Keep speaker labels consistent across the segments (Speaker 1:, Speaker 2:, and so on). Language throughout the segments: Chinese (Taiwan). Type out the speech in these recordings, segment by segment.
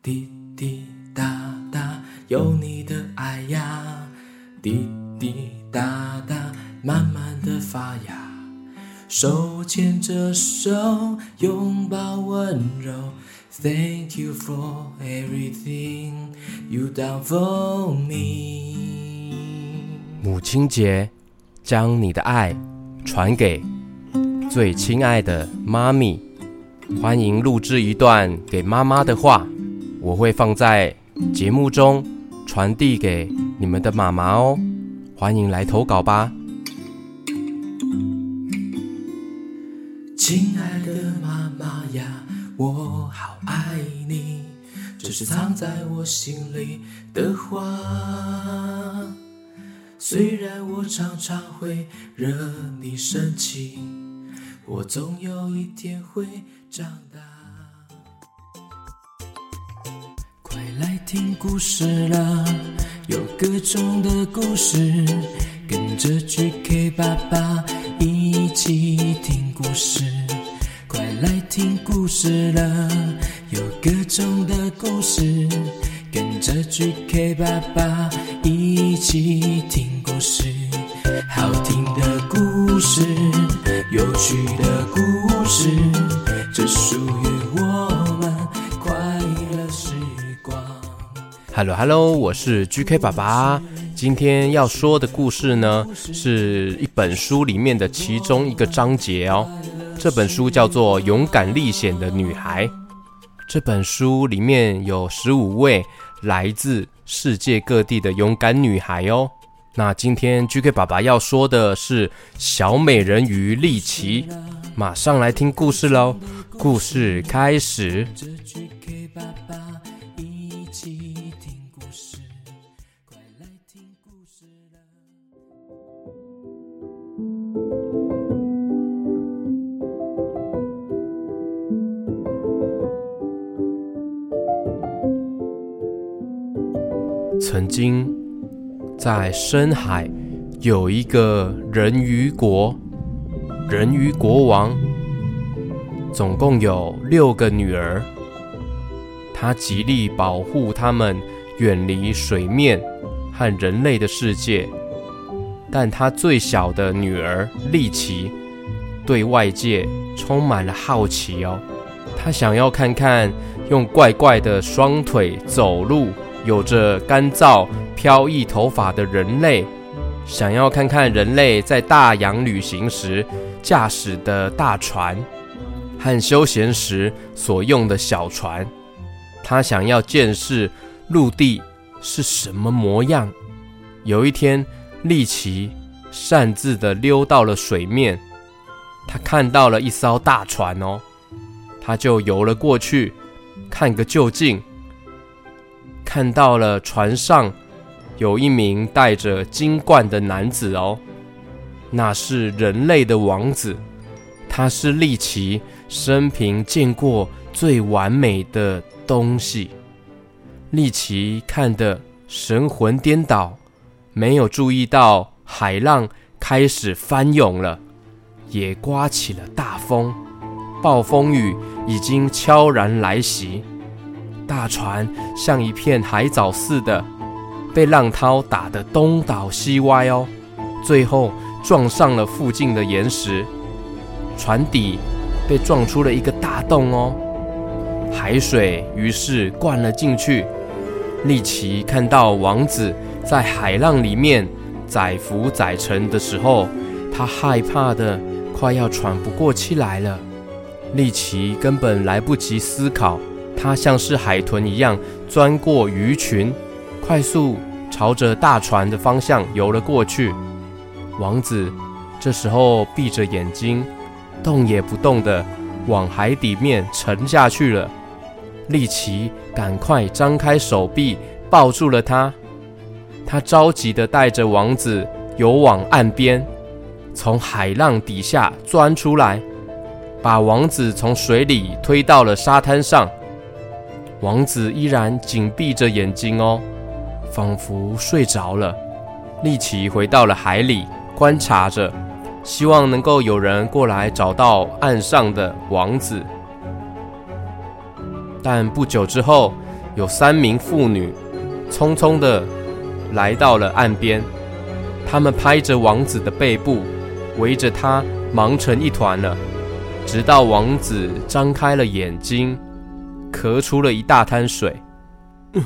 Speaker 1: 滴滴答答，有你的愛呀，
Speaker 2: 滴
Speaker 1: 滴答答，慢慢的發芽。手牽着手，擁抱溫柔。Thank you for everything you done for me。
Speaker 2: 母親節，將你的愛傳給最親愛的媽咪。歡迎錄製一段給媽媽的話。我會放在節目中傳遞給你們的媽媽哦，歡迎來投稿吧。
Speaker 1: 親愛的媽媽呀，我好愛你，這是藏在我心裡的話。雖然我常常會惹你生氣，我總有一天會長大。聽故事了，有各種的故事，跟着 GK 爸爸一起聽故事。快來聽故事了，有各種的故事，跟着 GK 爸爸一起聽故事。好聽的故事，有趣的故事。
Speaker 2: Hello Hello，我是 GK 爸爸。今天要說的故事呢，是一本書裡面的其中一個章節哦。這本書叫做《勇敢歷險的女孩》。這本書裡面有十五位來自世界各地的勇敢女孩哦。那今天 GK 爸爸要說的是小美人魚麗奇。馬上來聽故事嘍！故事開
Speaker 1: 始。曾
Speaker 2: 經，在深海有一個人魚國，人魚國王總共有六個女兒，他極力保護她們遠離水面和人類的世界，但他最小的女兒麗奇對外界充滿了好奇哦，她想要看看用怪怪的雙腿走路。有着乾燥飄逸頭髮的人類，想要看看人類在大洋旅行時駕駛的大船，和休閒時所用的小船。他想要見識陸地是什麼模樣。有一天，麗奇擅自地溜到了水面，他看到了一艘大船哦，他就游了過去，看個究竟。看到了船上有一名戴着金冠的男子哦，那是人類的王子，他是麗奇生平見過最完美的東西。麗奇看得神魂顛倒，沒有注意到海浪開始翻湧了，也颳起了大風，暴風雨已經悄然來襲。大船像一片海藻似的，被浪濤打得東倒西歪哦，最後撞上了附近的岩石，船底被撞出了一個大洞哦，海水於是灌了進去。麗奇看到王子在海浪裡面載浮載沉的時候，他害怕得快要喘不過氣來了。麗奇根本來不及思考。他像是海豚一樣鑽過魚群，快速朝着大船的方向游了過去。王子這時候閉着眼睛，動也不動的往海底面沉下去了。麗奇趕快張開手臂抱住了他，他着急的帶着王子游往岸邊，從海浪底下鑽出來，把王子從水裡推到了沙灘上。王子依然緊閉着眼睛哦，仿佛睡着了。麗奇回到了海裡，觀察着，希望能夠有人過來找到岸上的王子。但不久之後，有三名婦女匆匆地來到了岸邊，他們拍着王子的背部，圍着他忙成一團了，直到王子張開了眼睛，咳出了一大灘水。嗯，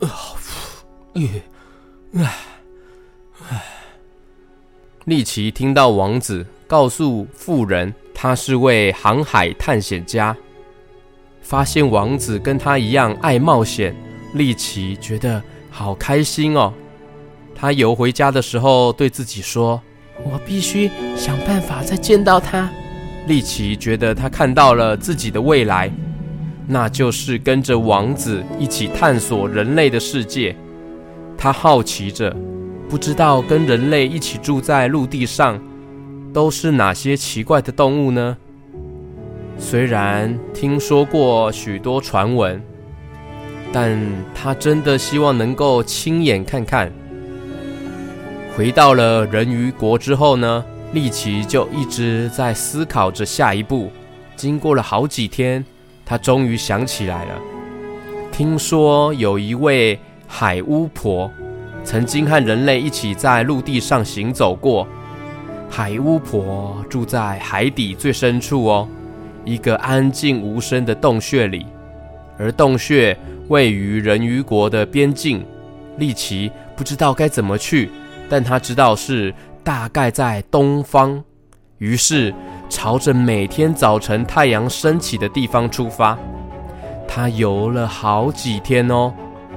Speaker 2: 啊，哎，哎。麗奇聽到王子告訴婦人他是位航海探險家，發現王子跟他一樣愛冒險，麗奇覺得好開心哦。他游回家的時候，對自己說：“
Speaker 1: 我必須想辦法再見到他。”
Speaker 2: 麗奇覺得他看到了自己的未來。那就是跟着王子一起探索人類的世界。他好奇着，不知道跟人類一起住在陸地上，都是哪些奇怪的動物呢？雖然聽說過許多傳聞，但他真的希望能夠親眼看看。回到了人魚國之後呢，麗奇就一直在思考着下一步。經過了好幾天。他終於想起來了，聽說有一位海巫婆，曾經和人類一起在陸地上行走過。海巫婆住在海底最深處哦，一個安靜無聲的洞穴裡，而洞穴位於人魚國的邊境，麗奇不知道該怎麼去，但他知道是大概在東方，於是。朝着每天早晨太陽升起的地方出發，她游了好幾天哦。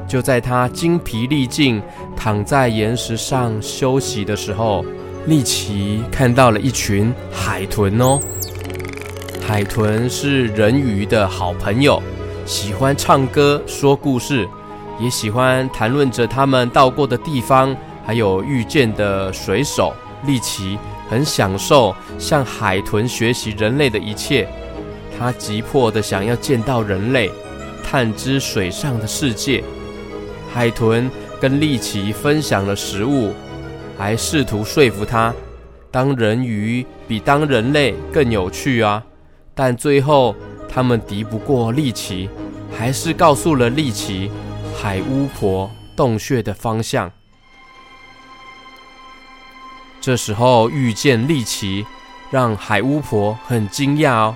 Speaker 2: 就在她精疲力盡、躺在岩石上休息的時候，麗奇看到了一群海豚哦。海豚是人魚的好朋友，喜歡唱歌、說故事，也喜歡談論着他們到過的地方，還有遇見的水手，麗奇。很享受向海豚學習人類的一切，他急迫的想要見到人類，探知水上的世界。海豚跟麗奇分享了食物，還試圖說服他，當人魚比當人類更有趣啊！但最後他們敵不過麗奇，還是告訴了麗奇海巫婆洞穴的方向。這時候遇見麗奇，讓海巫婆很驚訝哦，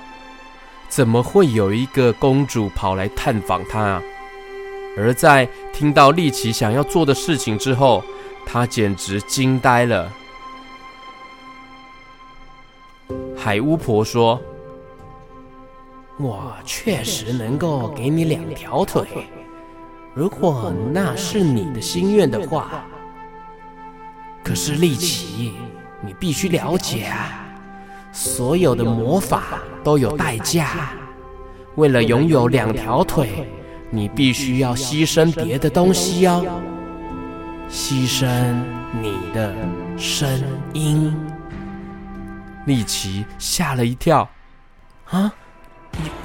Speaker 2: 怎麼會有一個公主跑來探訪她？而在聽到麗奇想要做的事情之後，她簡直驚呆了。海巫婆說：“
Speaker 1: 我確
Speaker 2: 實能夠給你兩條腿，如果那是你的心願的話。”可是，麗琪，你必須了解啊，所有的魔法都有代價。為了擁有兩條腿，你必須要犧牲別的東西哦，犧牲你的聲音。麗琪嚇了一跳，啊，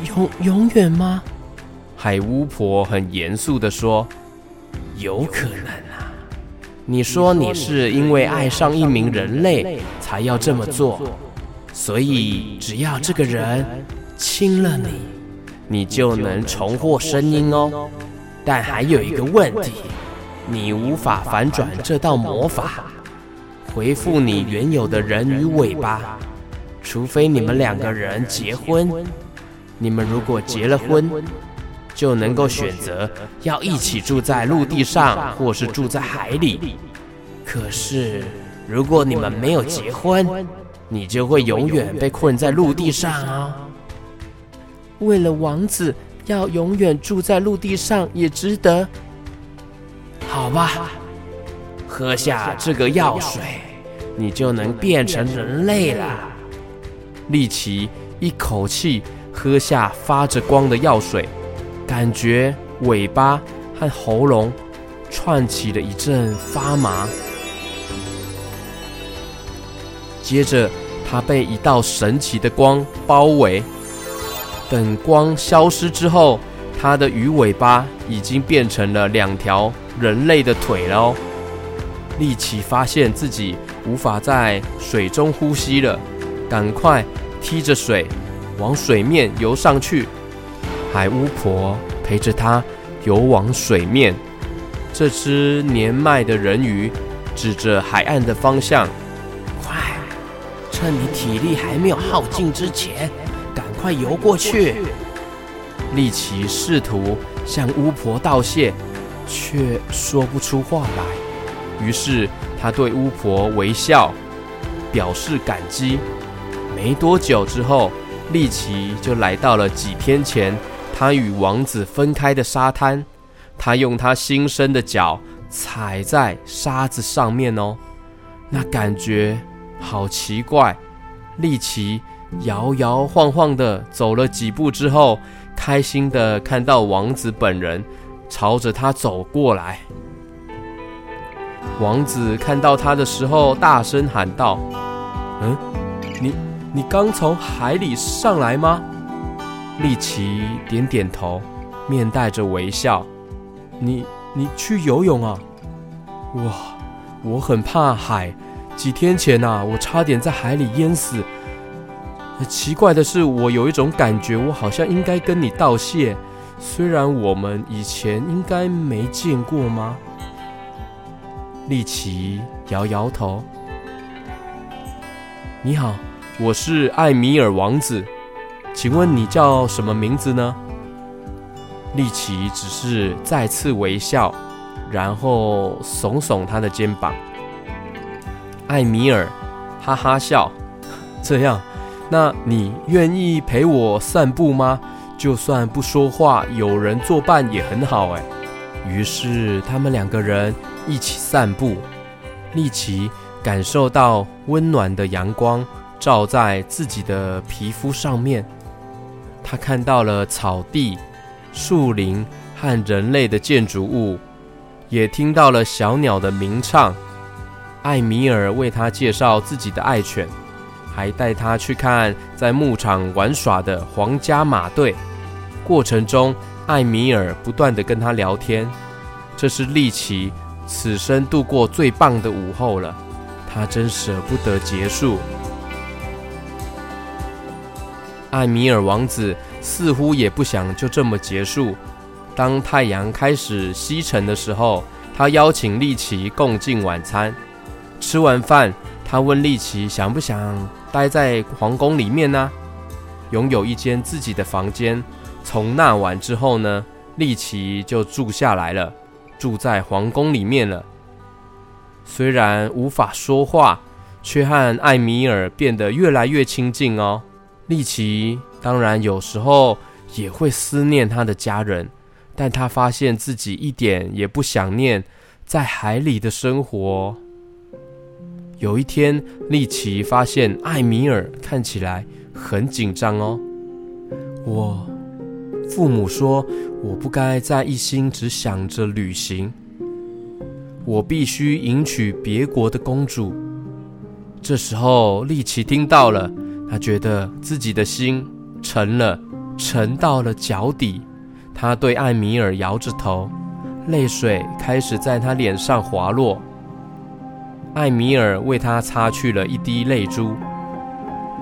Speaker 2: 永永遠嗎？海巫婆很嚴肅地說：“有可能。”你說你是因為愛上一名人類才要這麼做，所以只要這個人
Speaker 1: 親了你，
Speaker 2: 你就能重獲聲音哦。但還有一個問題，你無法反轉這道魔法，恢復你原有的人魚尾巴，除非你們兩個人結婚。你們如果結了婚。就能夠選擇要一起住在陸地上，或是住在海裡。可是，如果你們沒有結婚，你就會永遠被困在陸地
Speaker 1: 上啊、哦！為了王
Speaker 2: 子，要永遠住在陸地上也值得。好吧，喝下這個藥水，你就能變成人類了。麗奇一口氣喝下發着光的藥水。感覺尾巴和喉嚨串起了一陣發麻，接着他被一道神奇的光包圍。等光消失之後，他的魚尾巴已經變成了兩條人類的腿嘍哦。麗奇發現自己無法在水中呼吸了，趕快踢着水往水面游上去。海巫婆陪着她游往水面。這只年邁的人魚指着海岸的方向：“快，趁你體力還沒有耗盡之前，趕快游過去。”麗奇試圖向巫婆道謝，卻說不出話來。於是她對巫婆微笑，表示感激。沒多久之後，麗奇就來到了幾天前。他與王子分開的沙灘，他用他新生的腳踩在沙子上面哦，那感覺好奇怪。麗奇搖搖晃晃的走了幾步之後，開心的看到王子本人朝着他走過來。王子看到他的時候，大聲喊道：“嗯，你你剛從海裡上來嗎？”麗奇點點頭，面帶着微笑。你你去游泳啊？
Speaker 1: 哇，
Speaker 2: 我很怕海，幾天前吶、啊，我差點在海裡淹死。奇怪的是，我有一種感覺，我好像應該跟你道謝，雖然我們以前應該沒見過嗎？麗奇搖搖頭。你好，我是艾米爾王子。請問你叫什麼名字呢？麗奇只是再次微笑，然後聳聳他的肩膀。艾米爾哈哈笑，這樣，那你願意陪我散步嗎？就算不說話，有人作伴也很好誒。於是他們兩個人一起散步。麗奇感受到溫暖的陽光照在自己的皮膚上面。他看到了草地、樹林和人類的建築物，也聽到了小鳥的鳴唱。艾米爾為他介紹自己的愛犬，還帶他去看在牧場玩耍的皇家馬隊。過程中，艾米爾不斷地跟他聊天。這是麗奇此生度過最棒的午後了，他真捨不得結束。艾米爾王子似乎也不想就這麼結束。當太陽開始西沉的時候，他邀請麗奇共進晚餐。吃完飯，他問麗奇想不想待在皇宮裡面呢？擁有一間自己的房間。從那晚之後呢，麗奇就住下來了，住在皇宮裡面了。雖然無法說話，却和艾米爾變得越來越親近哦。麗奇當然有時候也會思念她的家人，但她發現自己一點也不想念在海裡的生活。有一天，麗奇發現艾米爾看起來很緊張哦。我父母說我不該再一心只想着旅行，我必須迎娶別國的公主。這時候，麗奇聽到了。他覺得自己的心沉了，沉到了腳底。他對艾米爾搖着頭，淚水開始在他臉上滑落。艾米爾為他擦去了一滴淚珠。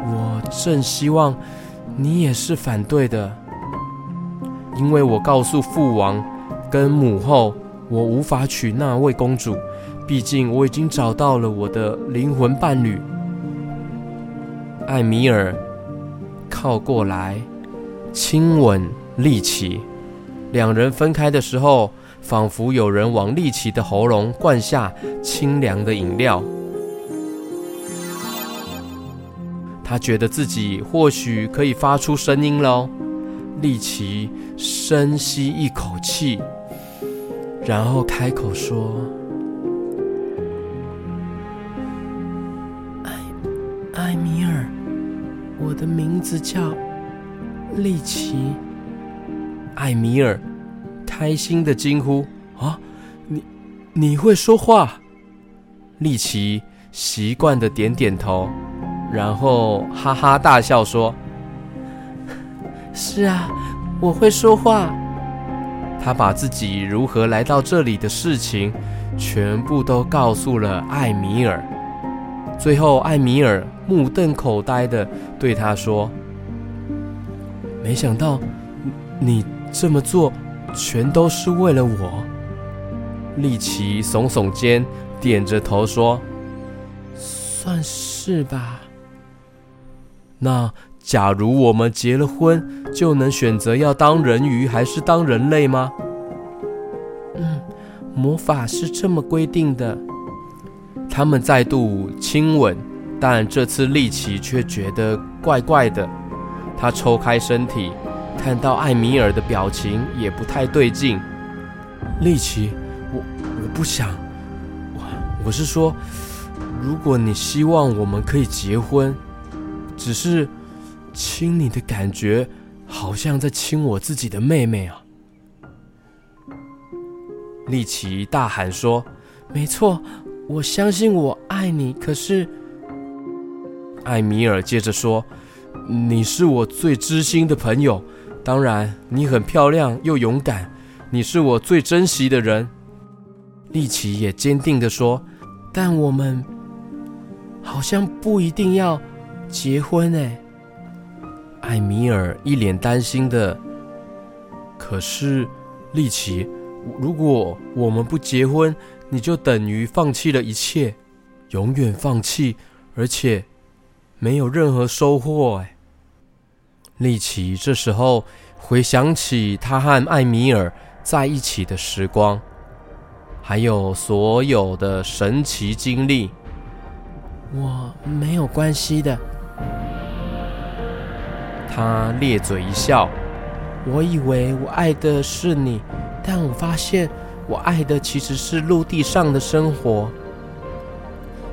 Speaker 2: 我正希望你也是反對的，因為我告訴父王跟母後，我無法娶那位公主，畢竟我已經找到了我的靈魂伴侶。艾米爾靠過來親吻麗奇，兩人分開的時候，仿佛有人往麗奇的喉嚨灌下清涼的飲料。他覺得自己或許可以發出聲音嘍。麗奇深吸一口氣，然後開口說：“
Speaker 1: 艾艾米爾。”我的名字叫麗奇，琪。艾
Speaker 2: 米爾開心的
Speaker 1: 驚呼：“啊、哦，你你會
Speaker 2: 說話？”麗奇習慣的點點頭，然後哈哈大笑說：“
Speaker 1: 是啊，我會說話。”
Speaker 2: 他把自己如何來到這裡的事情全部都告訴了艾米爾。最後，艾米爾目瞪口呆地對他說：“沒想到你，你這麼做，全都是為了我。”麗奇聳聳肩，點着頭說：“
Speaker 1: 算是吧。”
Speaker 2: 那假如我們結了婚，就能選擇要當人魚還是當人類嗎？
Speaker 1: 嗯，魔法是這麼
Speaker 2: 規定的。他們再度親吻，但這次麗奇卻覺得怪怪的。他抽開身體，看到艾米爾的表情也不太對勁。麗奇，我我不想我，我是說，如果你希望我們可以結婚，只是親你的感覺好像在親我自己的妹妹啊！麗奇大喊說：“
Speaker 1: 沒錯。”我相信我愛你，可是
Speaker 2: 艾米爾接着說：“你是我最知心的朋友，當然你很漂亮又勇敢，你是我最珍惜的人。”麗奇也堅定地說：“
Speaker 1: 但我們好像不一定要結婚哎。”
Speaker 2: 艾米爾一臉擔心的：“可是麗奇，如果我們不結婚？”你就等於放棄了一切，永遠放棄，而且沒有任何收穫，欸。哎，麗奇，這時候回想起他和艾米爾在一起的時光，還有所有的神奇經歷。
Speaker 1: 我沒有關係的。
Speaker 2: 他咧嘴一笑，我以為我愛的是你，但我發現。我愛的其實是陸地上的生活，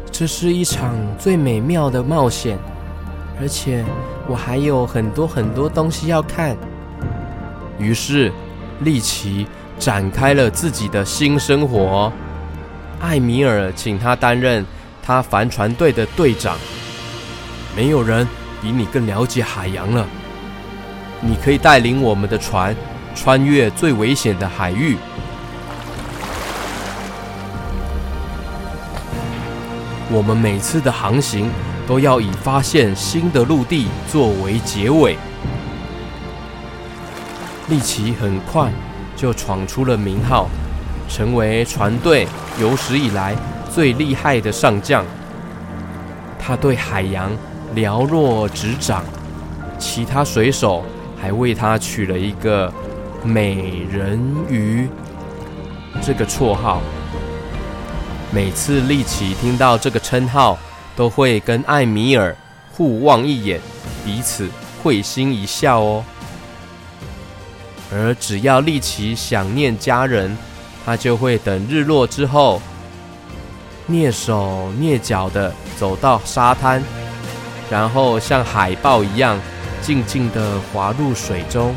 Speaker 2: 這是一場最美妙的冒險，而且我還有很多很多東西要看。於是，麗奇展開了自己的新生活。艾米爾請她擔任他帆船隊的隊長。沒有人比你更了解海洋了，你可以帶領我們的船穿越最危險的海域。我們每次的航行都要以發現新的陸地作為結尾。麗奇很快就闖出了名號，成為船隊有史以來最厲害的上將。他對海洋了若指掌，其他水手還為他取了一個美人魚這個綽號。每次麗奇聽到這個稱號，都會跟艾米爾互望一眼，彼此會心一笑哦。而只要麗奇想念家人，她就會等日落之後，躡手躡腳的走到沙灘，然後像海豹一樣，靜靜的滑入水中，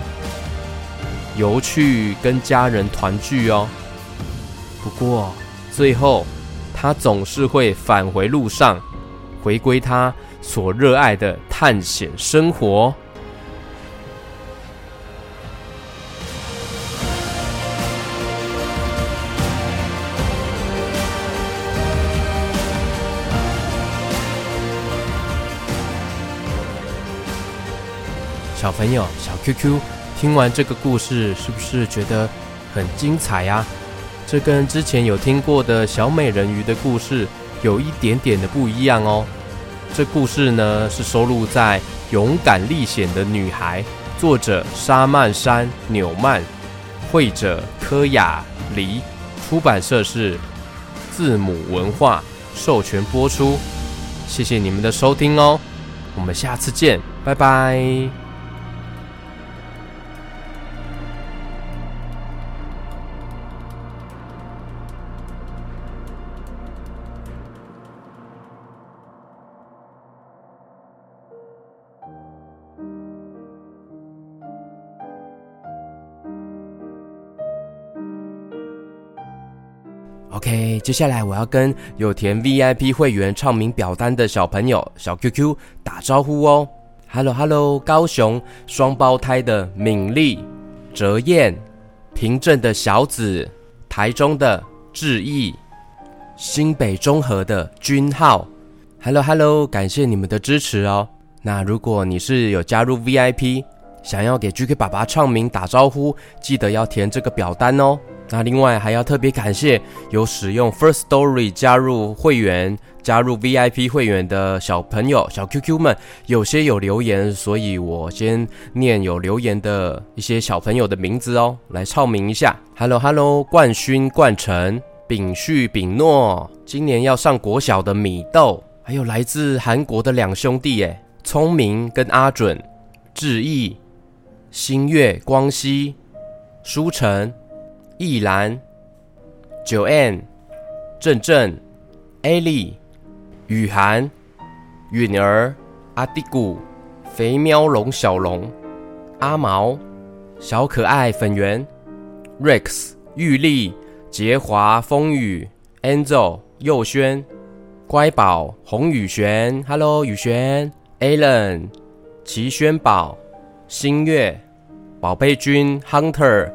Speaker 2: 游去跟家人團聚哦。不過最後。他總是會返回路上，回歸他所熱愛的探險生活。小朋友，小 QQ，聽完這個故事，是不是覺得很精彩呀、啊？這跟之前有聽過的小美人魚的故事有一點點的不一樣哦。這故事呢，是收錄在《勇敢歷險的女孩》，作者莎曼珊．紐曼，繪者柯亞．黎，出版社是字畝文化，授權播出。謝謝你們的收聽哦，我們下次見，拜拜。接下來我要跟有填 VIP 會員唱名表單的小朋友、小 QQ 打招呼哦。Hello Hello，高雄雙胞胎的敏麗、哲燕，平鎮的小子，台中的志毅，新北中和的君浩。Hello Hello，感謝你們的支持哦。那如果你是有加入 VIP，想要給 GK 爸爸唱名打招呼，記得要填這個表單哦。那另外還要特別感謝有使用 Firstory 加入會員、加入 VIP 會員的小朋友、小 Q Q 們，有些有留言，所以我先念有留言的一些小朋友的名字哦，來唱名一下。Hello Hello，冠勳、冠城、秉旭、秉諾，今年要上國小的米豆，還有來自韓國的兩兄弟，誒聰明跟阿準，智毅、星月、光熙、舒成。易蘭、九恩、鄭鄭、Ali、雨涵、允兒、阿蒂古、肥喵龍小龍、阿毛、小可愛粉圓、Rex、玉麗、杰華、風雨、Angel 佑軒、乖寶、洪雨軒、Hello 雨軒、Alan、齊軒寶、星月、寶貝君 Hunter、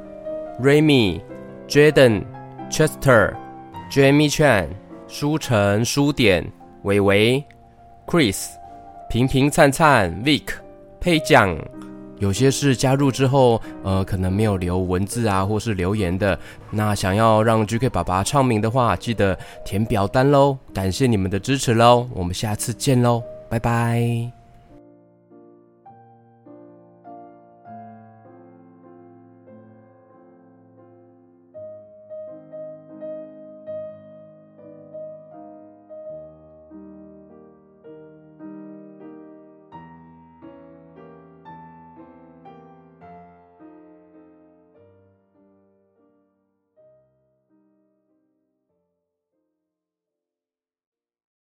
Speaker 2: Remy。Jaden Chester、Jordan, Chester, Jamie Chan、書成、書典、偉偉、Chris、平平、燦燦、Vic 配、配獎，有些是加入之後，呃，可能沒有留文字啊，或是留言的。那想要讓 GK 爸爸唱名的話，記得填表單嘍！感謝你們的支持嘍，我們下次見嘍，拜拜。